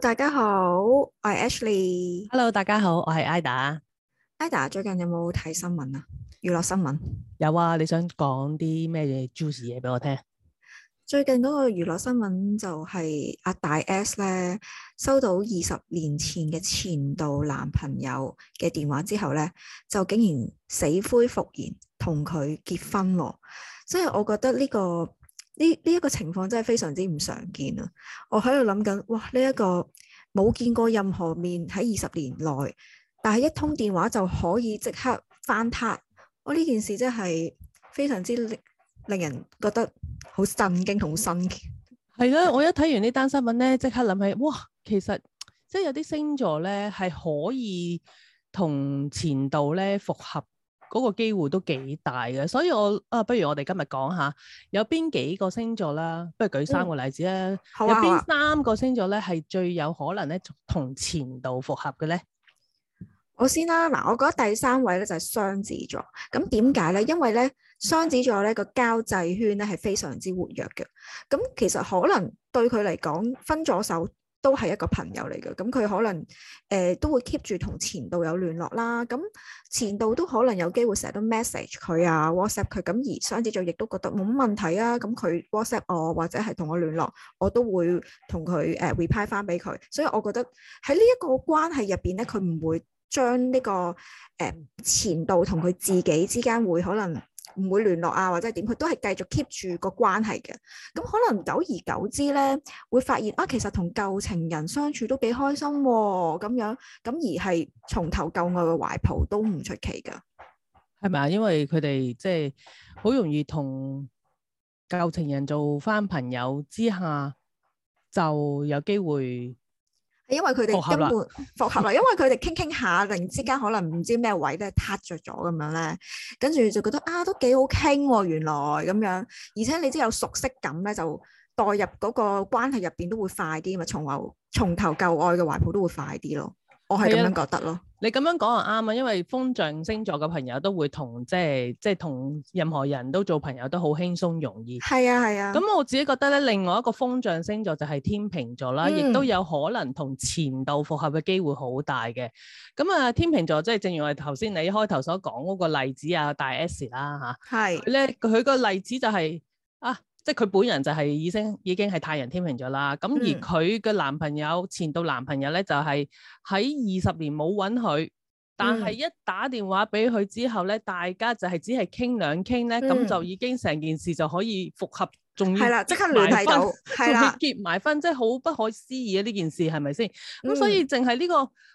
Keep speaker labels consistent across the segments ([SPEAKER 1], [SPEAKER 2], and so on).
[SPEAKER 1] 大家好，我係
[SPEAKER 2] Ashley。Hello，大家好，我係 Ida。Ida 最近有冇睇新聞啊？娛樂新聞？有啊，你想講啲咩嘢 juicy 嘢俾我聽？最近嗰個
[SPEAKER 1] 娛樂新聞就係阿大 S 咧，收到二十年前嘅前度男朋友嘅電話之後咧，就竟然死灰復燃，同佢結婚喎。所以我覺得呢個。呢呢一個情況真係非常之唔常見啊！我喺度諗緊，哇！呢、這、一個冇見過任何面喺二十年內，但係一通電話就可以即刻翻撻，我呢件事真係非常之令,令人覺得好震驚同新奇。
[SPEAKER 2] 係啦、啊，我一睇完呢單新聞咧，即刻諗起，哇！其實即係有啲星座咧，係可以同前度咧復合。嗰個機會都幾大嘅，所以我啊，不如我哋今日講下有邊幾個星座啦，不如舉三個例子咧。嗯啊、有邊三個星座咧，係最有可能咧同前度復合嘅咧？
[SPEAKER 1] 我先啦，嗱，我覺得第三位咧就係、是、雙子座。咁點解咧？因為咧雙子座咧個交際圈咧係非常之活躍嘅。咁其實可能對佢嚟講分咗手，都係一個朋友嚟嘅，咁佢可能誒、呃、都會 keep 住同前度有聯絡啦，咁前度都可能有機會成日都 message 佢啊，whatsapp 佢，咁而雙子座亦都覺得冇乜問題啊，咁佢 whatsapp 我或者係同我聯絡，我都會同佢誒 reply 翻俾佢，所以我覺得喺呢一個關係入邊咧，佢唔會將呢、這個誒、呃、前度同佢自己之間會可能。唔會聯絡啊，或者點，佢都係繼續 keep 住個關係嘅。咁、嗯、可能久而久之咧，會發現啊，其實同舊情人相處都幾開心喎、啊，咁樣咁、嗯、而係從頭舊愛嘅懷抱都唔出奇㗎。
[SPEAKER 2] 係咪啊？因為佢哋即係好容易同舊情人做翻朋友之下，就有機會。因為佢哋根本復
[SPEAKER 1] 合啦，因為佢哋傾傾下，突然之間可能唔知咩位咧，撻着咗咁樣咧，跟住就覺得啊，都幾好傾喎、啊，原來咁樣，而且你知有熟悉感咧，就代入嗰個關係入邊都會快啲，嘛，從頭從頭舊愛嘅懷抱都會快啲咯。
[SPEAKER 2] 我係咁樣覺得咯、啊，你咁樣講又啱啊，因為風象星座嘅朋友都會同即係即係同任何人都做朋友都好輕鬆容易。係啊係啊。咁、啊、我自己覺得咧，另外一個風象星座就係天秤座啦，嗯、亦都有可能同前度復合嘅機會好大嘅。咁啊，天秤座即係正如我哋頭先你開頭所講嗰個例子啊，大 S 啦吓，係是。咧佢個例子就係、是、啊。即係佢本人就係已經已經係太陽天秤咗啦，咁而佢嘅男朋友、嗯、前度男朋友咧就係喺二十年冇揾佢，
[SPEAKER 1] 但係一
[SPEAKER 2] 打電話俾佢之後咧，大家就係只係傾兩傾咧，咁、嗯、就已經成件事就可以復合，仲要係啦，即刻埋婚，係啦、嗯，結埋婚、嗯、婚，即係好不可思議啊！呢件事係咪先？咁、嗯、所以淨係呢個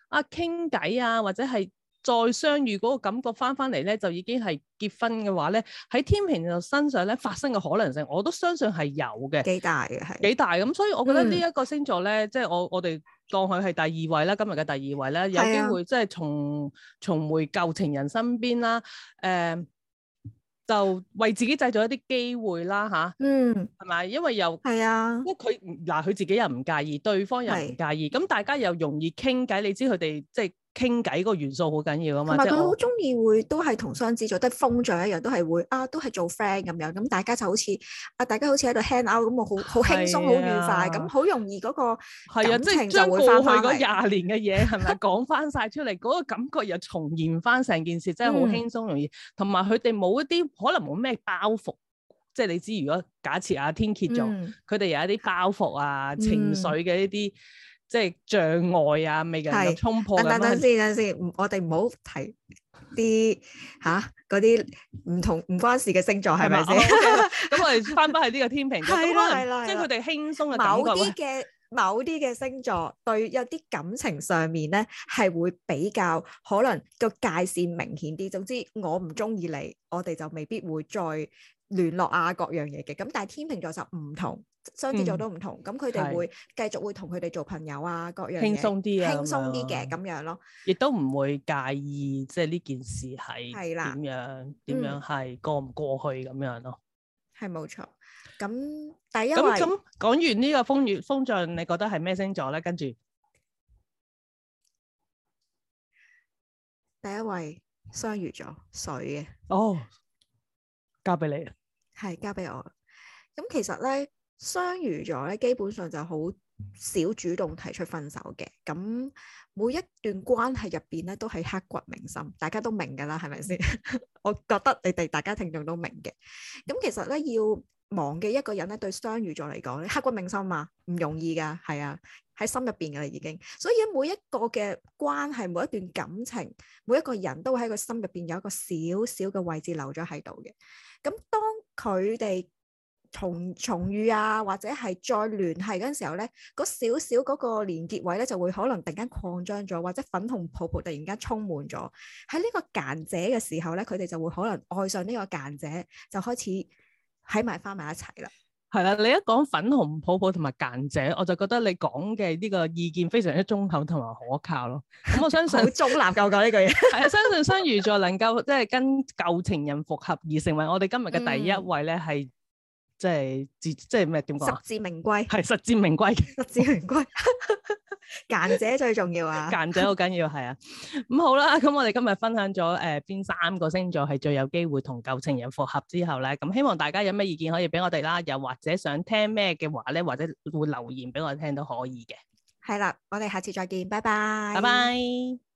[SPEAKER 2] 啊傾偈啊，或者係。再相遇嗰個感覺返返嚟咧，就已經係結婚嘅話咧，喺天秤身上咧發生嘅可能性，我都相信係有嘅。幾大嘅？幾大咁？所以我覺得呢一個星座咧，嗯、即係我我哋當佢係第二位啦，今日嘅第二位咧，有機會即係重重回舊情人身邊啦。誒、呃，就為自己製造一啲機會啦，吓？嗯。係咪？因為又係啊。的因為佢嗱，佢自己又唔介意，對方又唔介意，咁的大家又容易傾偈。你知佢哋即係。傾偈嗰個元素好緊要啊嘛，同埋佢好
[SPEAKER 1] 中意會都係同雙子座得風象一樣，都係會啊，都係做 friend 咁樣，咁大家就好似啊，大家好似喺度 hang out 咁，我好好輕鬆好、啊、愉快，咁
[SPEAKER 2] 好容易嗰個係啊，即、就、係、是、將過去嗰廿年嘅嘢係咪講翻晒出嚟，嗰個感覺又重現翻成件事，真係好輕鬆容易。同埋佢哋冇一啲可能冇咩包袱，即係你知如果假設阿天蠍座，佢哋、嗯、有一啲包袱啊情緒嘅呢啲。嗯。即係障礙呀啊！未夠衝破。等等先，
[SPEAKER 1] 等先，我哋唔好提啲嚇嗰啲唔同唔關事嘅星座，係咪先？
[SPEAKER 2] 咁我哋翻返去呢個天秤座。係啦， 即係佢哋輕鬆嘅某啲嘅
[SPEAKER 1] 某啲嘅星座對有啲感情上面咧係會比較可能個界線明顯啲。總之我唔中意你，我哋就未必會再聯絡啊各樣嘢嘅。咁但係天秤座就唔同。雙子座都唔同，咁佢哋會繼續會同佢哋做朋友啊，各樣嘢輕鬆啲啊，輕鬆啲嘅
[SPEAKER 2] 咁樣咯，亦都唔會介意即係呢件事係點樣，點樣係過唔過去咁樣咯。
[SPEAKER 1] 係冇錯，咁第一位咁
[SPEAKER 2] 講完呢個風，風象，你覺得係咩星座咧？跟住
[SPEAKER 1] 第一位雙魚座水嘅，哦，交俾你啊，係交俾我。咁其實咧。雙魚座咧，基本上就好少主動提出分手嘅。咁每一段關係入邊咧，都係刻骨銘心，大家都明噶啦，係咪先？ 我覺得你哋大家聽眾都明嘅。咁其實咧，要忘記一個人咧，對雙魚座嚟講咧，刻骨銘心啊，唔容易噶，係啊，喺心入邊噶啦，已經。所以每一個嘅關係，每一段感情，每一個人都喺個心入邊有一個小小嘅位置留咗喺度嘅。咁當佢哋。重重遇啊，或者係再聯繫嗰陣時候咧，嗰少少嗰個連結位咧，就會可能突然間擴張咗，或者粉紅泡泡突然間充滿咗。喺呢個間者嘅時候咧，佢哋就會可能愛上呢個間者，就開始喺埋返埋一齊啦。
[SPEAKER 2] 係啦，你一講粉紅泡泡同埋間者，我就覺得你講嘅呢個意見非常之忠厚同埋可靠咯。咁我相信好 中立夠夠呢句嘢，係啊， 相信雙魚座能夠即係跟舊情人復合而成為我哋今日嘅第一位咧，係、嗯。即係自即係咩點講？實至名歸，係實至名歸，實至名歸，揀者最重要啊！揀者好緊要，係 啊！咁好啦，咁我哋今日分享咗誒邊三個星座係最有機會同舊情人復合之後咧，咁希望大家有咩意見可以俾我哋啦，又或者想聽咩嘅話咧，或者會留言俾我哋聽都可以嘅。
[SPEAKER 1] 係啦，我哋下次再見，拜拜，拜拜。